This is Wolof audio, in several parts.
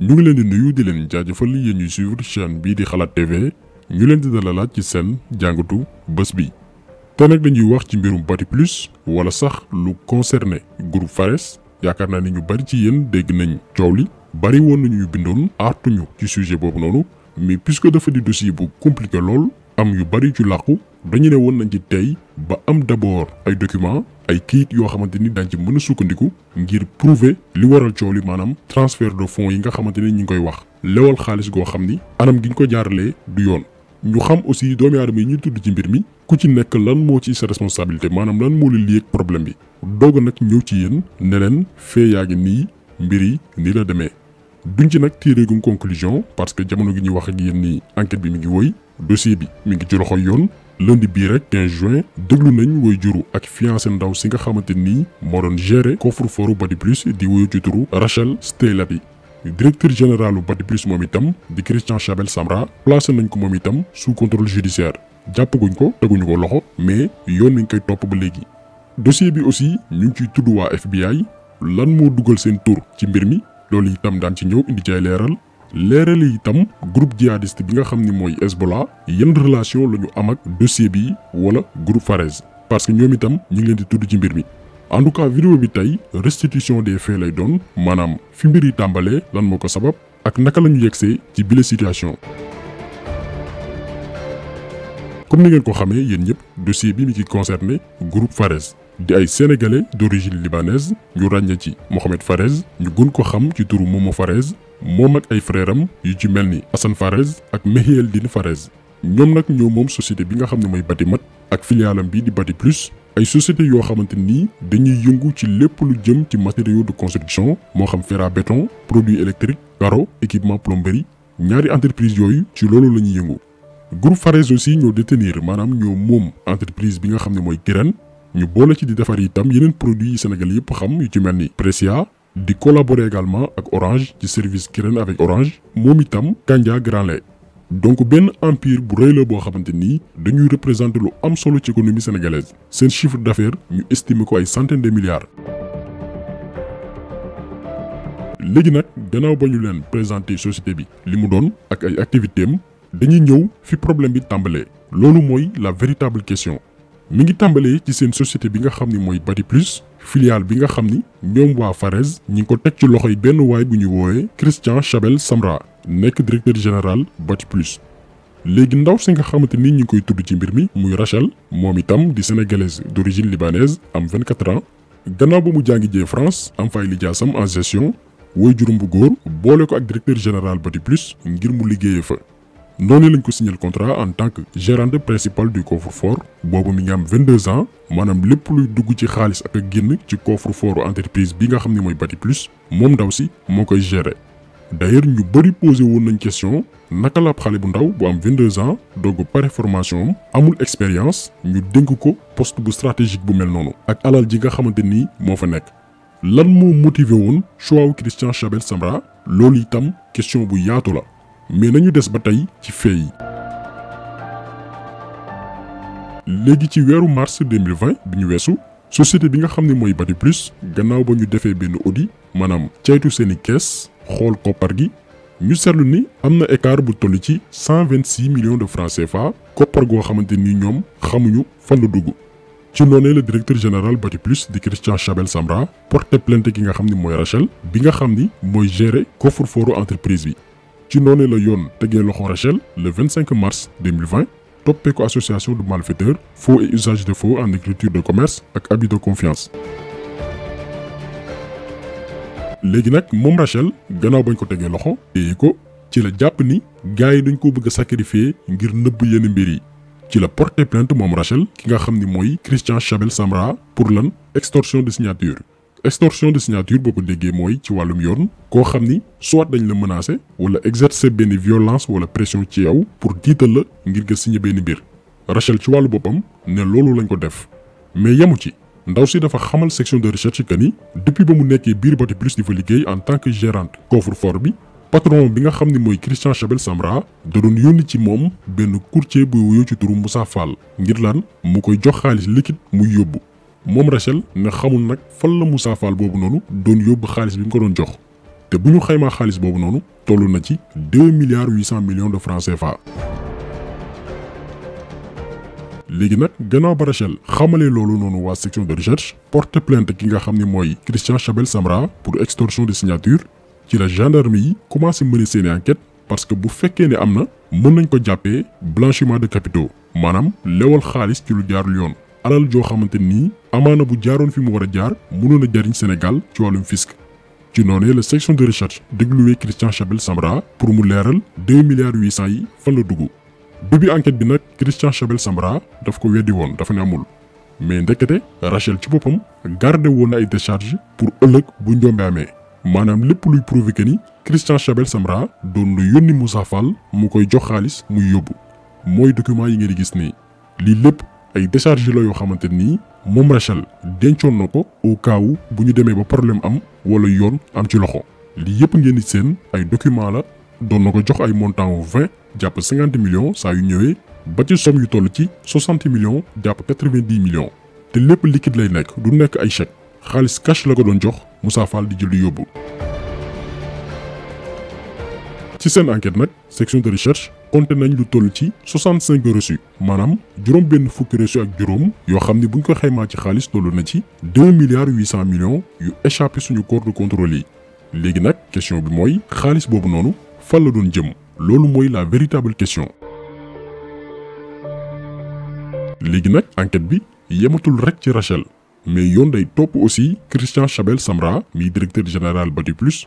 ñu ngi leen di nuyu di leen jaajëfal yéen ñuy suivre chaîne bii di xalaat TV ñu leen di dalalaat ci seen jàngatu bés bi. te nag dañuy wax ci mbirum Bati Plus wala sax lu concerné groupe Fares yaakaar naa ni ñu bari ci yéen dégg nañ coow li bari woon nañu bindoon ñu ci sujet boobu noonu mais puisque dafa di dossier bu compliqué lool. am yu bari ci laqku dañu ne won nañ ci tay ba am d'abord ay document ay kayit yo xamanteni dañ ci mëna sukkandiku ngir prouver li waral coow manam transfert de fonds yi nga xamanteni ni wax lewal xaalis go xamni anam giñ ko jaarale du yoon ñu xam aussi doomi aadama yi ñu tudd ci mbir mi ku ci nek lan mo ci sa responsabilité manam lan moo liyek liyeeg problème bi dog nak ñew ci yeen ne len fe yaagi ni mbiri ni la démé duñ ci tiré tiireegum conclusion parce que jamono gi ñu wax ak yeen ni enquête bi mi ngi woy dossier bi mi ngi ci loxo yoon lundi bi rek 15 juin deglu nañ way juru ak fiancé ndaw si nga xamanteni mo doon gérer coffre fort Body Plus di wuyu ci turu Rachel bi directeur général bu Body Plus moom itam di Christian Chabel Samra placé nañ ko moom itam sous contrôle judiciaire guñ ko teguñ ko loxo mais yoon nañ koy top ba légui dossier bi aussi ñu ci tuddu wa FBI lan moo duggal sen tur ci mbir mi loolu itam daan ci ñew indi ci leral leerale itam groupe djihadiste bi nga xam ni mooy Hezbollah yan relation la ñu am ak dossier bi wala groupe Fares parce que ñoom itam ñu ngi leen di tudd ci mbir mi. en tout cas vidéo bi tey restitution des faits lay doon maanaam fi mbir yi tàmbalee lan moo ko sabab ak naka lañu ñu yegsee ci bile situation. comme ni ngeen ko xamee yéen ñëpp dossier bi mi ci concerné groupe Fares di ay sénégalais d'origine libanaise ñu ràññee ci Mohamed Fares ñu gën ko xam ci turu Momo Fares mom ak ay frère yu ci melni Assane Fares ak din Fares ñom nak ñoo mom société bi nga xam moy Batimat ak filialam bi di Bati Plus ay société yo xamanteni ni dañuy yëngu ci lepp lu jëm ci matériaux de construction mo xam fer à béton produit électrique garo équipement plomberie ñaari entreprise yooyu ci lolu lañuy yëngu groupe Fares aussi ñoo détenir manam ñoo mom entreprise bi nga xam moy mooy ñu bolé ci di defar itam yeneen produits sénégalais xam yu ci melni précia di collaborer également avec Orange ci service Kirène avec Orange Momitam, Kanya Granley. donc Ben empire bu le la bo xamanteni dañuy représenter lu am solo ci économie sénégalaise sen chiffre d'affaires ñu à ko ay centaines de milliards légui nak gannaaw bañu ñu leen présenter société bi limu et doon ak ay activités am dañuy ñëw fi problème bi tambalé nous moy la véritable question mi ngi tàmbalee ci seen société bi nga xam ni mooy Plus filiale bi nga xam ni ñoom waa Fares ñi ko teg ci loxoy benn bu ñu Christian Chabel Samra nekk directeur général Body Plus. léegi ndaw si nga xamante ni ñu ngi koy tudd ci mbir mi muy Rachel moom itam di sénégalaise d'origine libanaise am 24 ans gannaaw ba mu jàngi jee France am fay lijaasam en gestion woy jurum bu góor boole ko ak directeur général Body Plus ngir mu liggéeyee fa. Nous avons signé le contrat en tant que gérant principal du coffre-fort Nous avons 22 ans nous avons le dugg ci xaalis ak a coffre fort entreprise Plus mom ndaw si gérer. d'ailleurs nous avons posé une question xale 22 ans pare formation amul expérience ñu dénk ko poste stratégique bu mel ak alal ji nga motivé choix Christian Chabel Samra l'olitam, question mais nañu des ba qui ci fee légui ci wéru mars 2020 bi wessu société bi nga xamné moy Bati Plus gannaaw ba ñu defee benn audit maanaam ceytu seeni kees xool koppar gi ñu sétlu ni amna écart bu ci 126 millions de francs CFA koppar goo xamante ni ñoom xamuñu fan la ci noné le directeur général Bati Plus di Christian Chabel Samra porté plainte ki nga xamné moy Rachel bi nga xamné moy gérer entreprise ci noné la yon tégué loxo Rachel le 25 mars 2020 topé ko association de malfaiteurs faux et usage de faux en écriture de commerce avec abus de confiance. léegi nak mom Rachel gannaaw bañ ko tégué loxo téye ko ci la japp ni gaay yi ko bëgg sacrifier ngir neub yenn mbir yi ci la porté plainte mom Rachel ki nga xamni moy Christian Chabel Samra pour lan extorsion de signature extorsion de signature boo ko moy ci walum yoon ko xamni soit dañ la menacer wala exercer benn violence wala pression ci yow pour diital la ngir nga signer benn bir Rachel ci walu bopam ne lolu lañ ko def mais yemu ci ndaw si dafa xamal section de recherche kani depuis ba mu nekkee bir Bati Plus di fa liggéey en tant que gérante coffre-fort bi patron bi nga xamni moy Christian Chabel Samra da doon yoni ci mom benn courtier bu wuyoo ci turu Moussa Fall ngir lan mu koy jox xaliss liquide mu yóbbu. moom Rachel ne xamul nag fan la Moussa Fall boobu noonu doon yóbbu xaalis bi mu ko doon jox te bu ñu xaymaa xaalis boobu noonu tollu na ci deux milliards huit cent millions de francs CFA. léegi nag gannaaw ba Rachel xamalee loolu noonu waa section de recherche porte plainte ki nga xam ne mooy Christian Chabel Samra pour extorsion de signature ci la gendarmerie yi commencé mener seen enquête parce que bu fekkee ne am na mën nañ ko jàppee blanchiment de capitaux maanaam lewal xaalis ci lu jaarul yoon. alal joo xamante nii amaana bu jaaroon fi mu war a jaar mënoon jariñ Sénégal ci wàllum fisc ci noonu la section de recherche dégluwee Christian Chabel Samra pour mu leeral 2 milliards 800 yi fan la dugg début enquête bi nag Christian Chabel Samra daf ko weddi woon dafa ne amul mais ndekete Rachel ci boppam garde woon na ay décharge pour ëllëg bu njombe amee maanaam lépp luy prouvé que ni Christian Chabel Samra doon na yónni Moussa Fall mu koy jox xaalis muy yóbbu mooy document yi ngeen gis nii ay décharge la yoo xamante nii moom Rachel dencoon na ko au cas bu ñu demee ba problème am wala yoon am ci loxo lii yëpp ngeen di seen ay document la doon na ko jox ay montant wu jàpp cinquante millions saa yu ñëwee ba ci somme yu toll ci soixante millions jàpp quatre-vingt-dix te lépp liquide lay nekk du nekk ay chèque xaalis cash la ko doon jox Moussa Fall di jël di yóbbu. ci seen enquête nag section de recherche. compté nañ lu toll ci 65 reçus maanaam juróom benn fukki reçus ak juróom yoo xam ne buñ ko xaymaa ci xaalis toll na ci 2 milliards 800 millions yu échappé suñu corps de contrôle yi léegi nag question bi mooy xaalis boobu noonu fan la doon jëm loolu mooy la véritable question léegi nag enquête bi yematul rek ci Rachel mais yoon day topp aussi Christian Chabel Samra mi directeur général plus.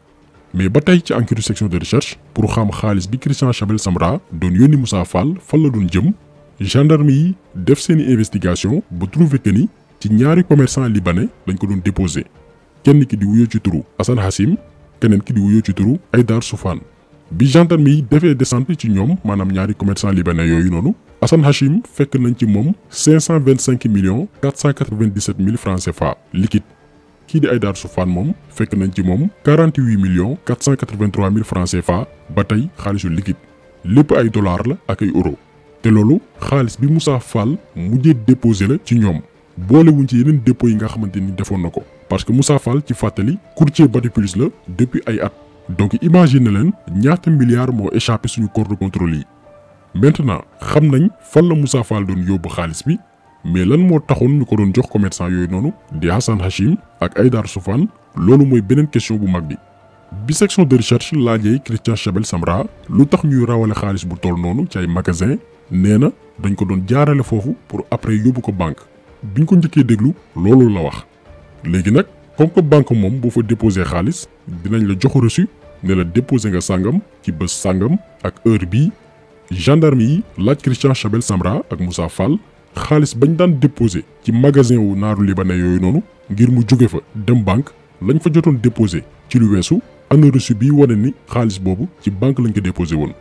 mais ba tey ci enquête section de recherche pour xam xaalis bi Christian Chabel Samra don yoni Moussa Fall fan la doon jëm gendarmerie def seni investigation ba trouvé que ni ci ñaari commerçant libanais dañ ko doon déposé kenn ki di wuyoo ci turu Hassan Hassim kenen ki di wuyoo ci turu Aydar Soufane bi gendarmerie defé descente ci ñom manam ñaari commerçant libanais yoyu nonu Hassan Hashim fekk nañ ci mom 525 millions 497 mille francs CFA liquide kii di ay Aïdara Soufane moom fekk nañ ci moom 48 millions 483 mille francs CFA ba tey xaalisu liquide lépp ay dollars la ak ay euro te loolu xaalis bi Moussa Fall mujjee déposé la ci ñoom boolewuñ ci yeneen dépôt yi nga xamante ni defoon na ko parce que Moussa Fall ci fàttali courtier Batiplus la depuis ay at donc imagine leen ñaata milliards moo échappé suñu corps de contrôle yi maintenant xam nañ fan la musaa faal doon yóbbu xaalis bi mais lan moo taxoon ñu ko doon jox commerçant yooyu noonu di Hassan Hachim ak Aydar Soufane loolu mooy beneen question bu mag bi bi section de recherche laajee Christian Chabel Samra lu tax ñuy rawale xaalis bu tool noonu ci ay magasin nee na dañ ko doon jaarale foofu pour après yóbbu ko banque biñ ko njëkkee déglu loolu la wax léegi nag comme que banque moom boo fa déposé xaalis dinañ la jox reçu ne la déposé nga sàngam ci bës sàngam ak heure bii gendarme yi laaj Christian Samra ak Moussa Fall xaalis bañ daan déposé ci magasin wu naaru libanais yooyu noonu ngir mu jóge fa dem banque lañ fa jotoon déposé ci lu weesu ana reçu bi wane ni xaalis boobu ci banque lañ ko déposé woon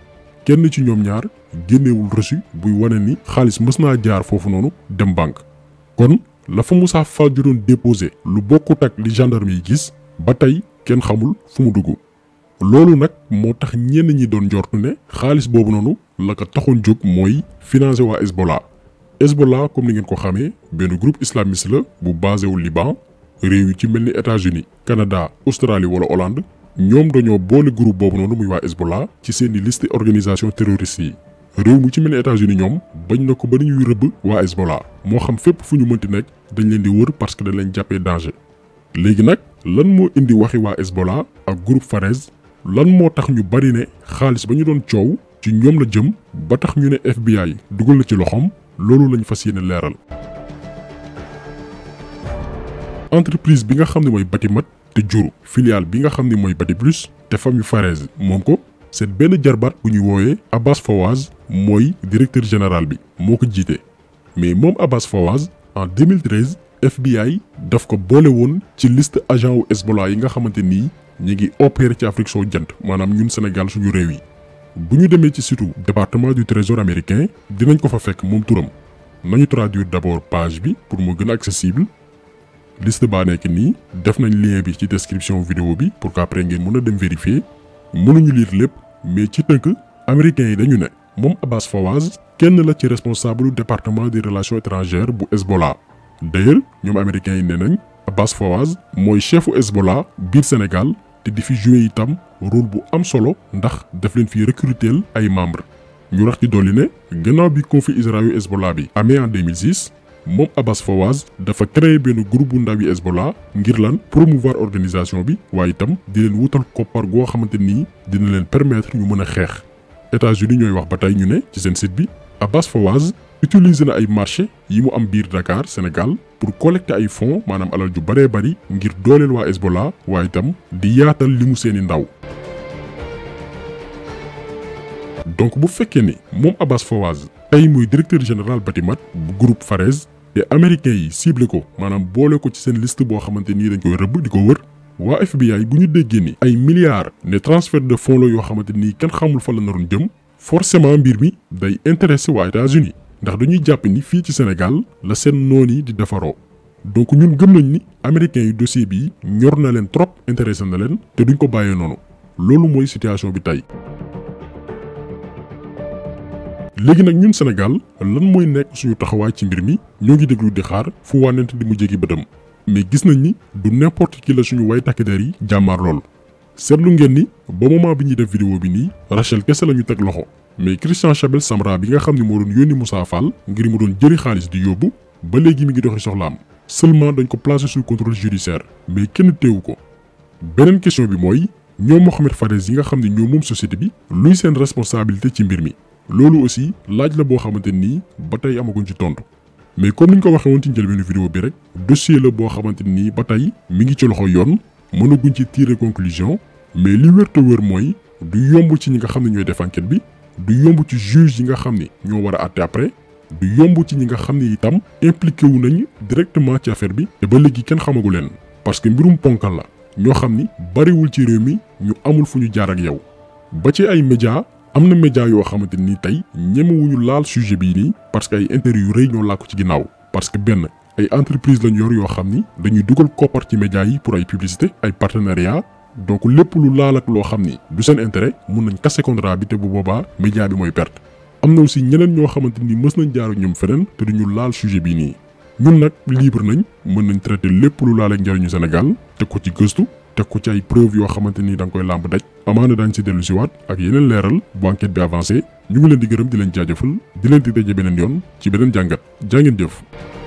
kenn ci ñoom ñaar génnewul reçu buy wane ni xaalis mës naa jaar foofu noonu dem banque kon la fa Moussa Fall jotoon déposé lu bokkut ak li gendarme yi gis ba tey kenn xamul fu mu dugg loolu nag moo tax ñenn ñi doon njortu ne xaalis boobu noonu la ko taxoon jóg mooy financé waa Hezbollah esbola comme ni ngeen ko xamee benn groupe islamiste la bu basé wu Liban réew yi ci mel ni États-Unis Canada Australie wala Hollande ñoom dañoo boole groupe boobu noonu muy waa Hezbollah ci seeni i liste organisation terroriste yi réew mu ci mel ni États-Unis ñoom bañ na ko ba ñuy rëbb waa Hezbollah moo xam fépp fu ñu mënti nekk dañu leen di wër parce que dañ leen jàppee danger. léegi nag lan moo indi waxi waa esbola ak groupe Fares lan moo tax ñu bari ne xaalis ba ñu doon coow ci ñoom la jëm ba tax ñu ne FBI dugal na ci loxoom. loolu lañ fas yéene leeral. entreprise bi nga xam ne mooy bati mat te juru filiale bi nga xam ni mooy Batiplus te famille faraise moom ko seen benn jarbaat bu ñuy woowee Abbas Fawaz mooy directeur général bi moo ko jiite. mais moom Abbas Fawaz en 2013 FBI daf ko boole woon ci liste agent wu Hezbollah yi nga xamante ni ñi ngi opérer ci Afrique soo jant maanaam ñun Sénégal suñu réew yi. Si démé ci département du trésor américain dinañ ko fa fekk mom touram nañu traduire d'abord page bi pour mo accessible liste ba nek ni. def nañ lien bi ci description vidéo bi pour qu'après ngeen puissiez vérifier mënuñu lire le mais ci teunk américain yi dañu Abbas Fawaz kenn la ci responsable département des relations étrangères bu Hezbollah d'ailleurs ñoom américain yi Abbas Fawaz moy chefu Hezbollah Sénégal nekk di fi joué itam rôle bu am solo ndax daf leen fi recruter ay membres. ñu rax ci dolli ne gannaaw bi conflit Israël Hezbollah bi amee en 2006 moom Abbas Fawaz dafa créé benn groupe bu ndaw yi Hezbollah ngir lan promouvoir organisation bi waaye itam di leen wutal koppar goo xamante ni dina leen permettre ñu mën a xeex. États-Unis ñooy wax ba tey ñu ne ci seen site bi Abbas Fawaz utiliser na ay marché yi mu am biir Dakar Sénégal. pour collecter ay fons maanaam alal ju baree bari ngir dooleel waa esbola waa itam di yaatal limu seeni ndaw. donc bu fekkee ni moom Abbas Fawaz tey muy directeur général Batimat bu groupe Fares te américains yi ciblé ko maanaam boole ko ci seen liste boo xamante nii dañ koy rëbb di ko wër. waa FBI bu ñu déggee ni ay milliards ne transfert de fonds yoo xamante nii kenn xamul fa la naroon jëm forcément mbir mi day intéressé waa États-Unis ndax dañuy jàpp ni fii ci Sénégal la seen noon yi di defaroo donc ñun gëm nañ ni américain yu dossier bii ñor na leen trop intéressé na leen te duñ ko bàyyee noonu loolu mooy situation bi tey. léegi nag ñun Sénégal lan mooy nekk suñu taxawaay ci mbir mi ñoo ngi déglu di xaar fu wànnent di mu jégi bëtam mais gis nañ ni du n'importe qui la suñu way takk yi jàmmaar lool seetlu ngeen ni ba moment bi ñuy def vidéo bi nii Rachel kese la ñu teg loxo. mais Christian Chabel Samra bi nga xam ne moo doon yónni Moussa Fall ngir mu doon jëri xaalis di yóbbu ba léegi mi ngi doxi soxlaam seulement dañ ko placé sous contrôle judiciaire mais kenn teewu ko beneen question bi mooy ñoom Mohamed Fares yi nga xam ne ñoo moom société bi luy seen responsabilité ci mbir mi loolu aussi laaj la boo xamante nii ba tey ama amaguñ ci tontu mais comme ni ñu ko waxee woon ci njëlbeenu vidéo bi rek dossier la boo xamante nii ba tey mi ngi ci loxo yoon mënaguñ ci tirer conclusion mais li wér te mooy du yomb ci ñi nga xam ne ñooy def enquête bi du yomb ci juge yi nga xam ne ñoo war a àtte après du yomb ci ñi nga xam ni itam impliqué wu nañ directement ci affaire bi te ba léegi kenn xamagu leen parce que mbirum ponkal la ñoo xam ni bariwul ci réew mi ñu amul fu ñu jaar ak yow ba ci ay média am na média yoo xamante ni tey ñemewuñu laal sujet bi nii parce que ay intérêt yu rëy ñoo làkku ci ginnaaw parce que benn ay entreprise lañ yor yoo xam ni dañuy dugal koppar ci média yi pour ay publicité ay partenariat donc lépp lu laal ak loo xam ni du seen intérêt mun nañ casser contrat bi te bu boobaa média bi mooy perte am na aussi ñeneen ñoo xamante ni mës nañ jaaru ñoom feneen te du ñu laal sujet bii nii ñun nag libre nañ mën nañ traité lépp lu laal ak njëriñu Sénégal teg ko ci gëstu teg ko ci ay preuve yoo xamante ni da nga koy làmb daj amaana daañ si dellu si waat ak yeneen leeral bu bi avancé ñu ngi leen di gërëm di leen jaajëfal di leen di daje beneen yoon ci beneen jàngat jaa ngeen jëf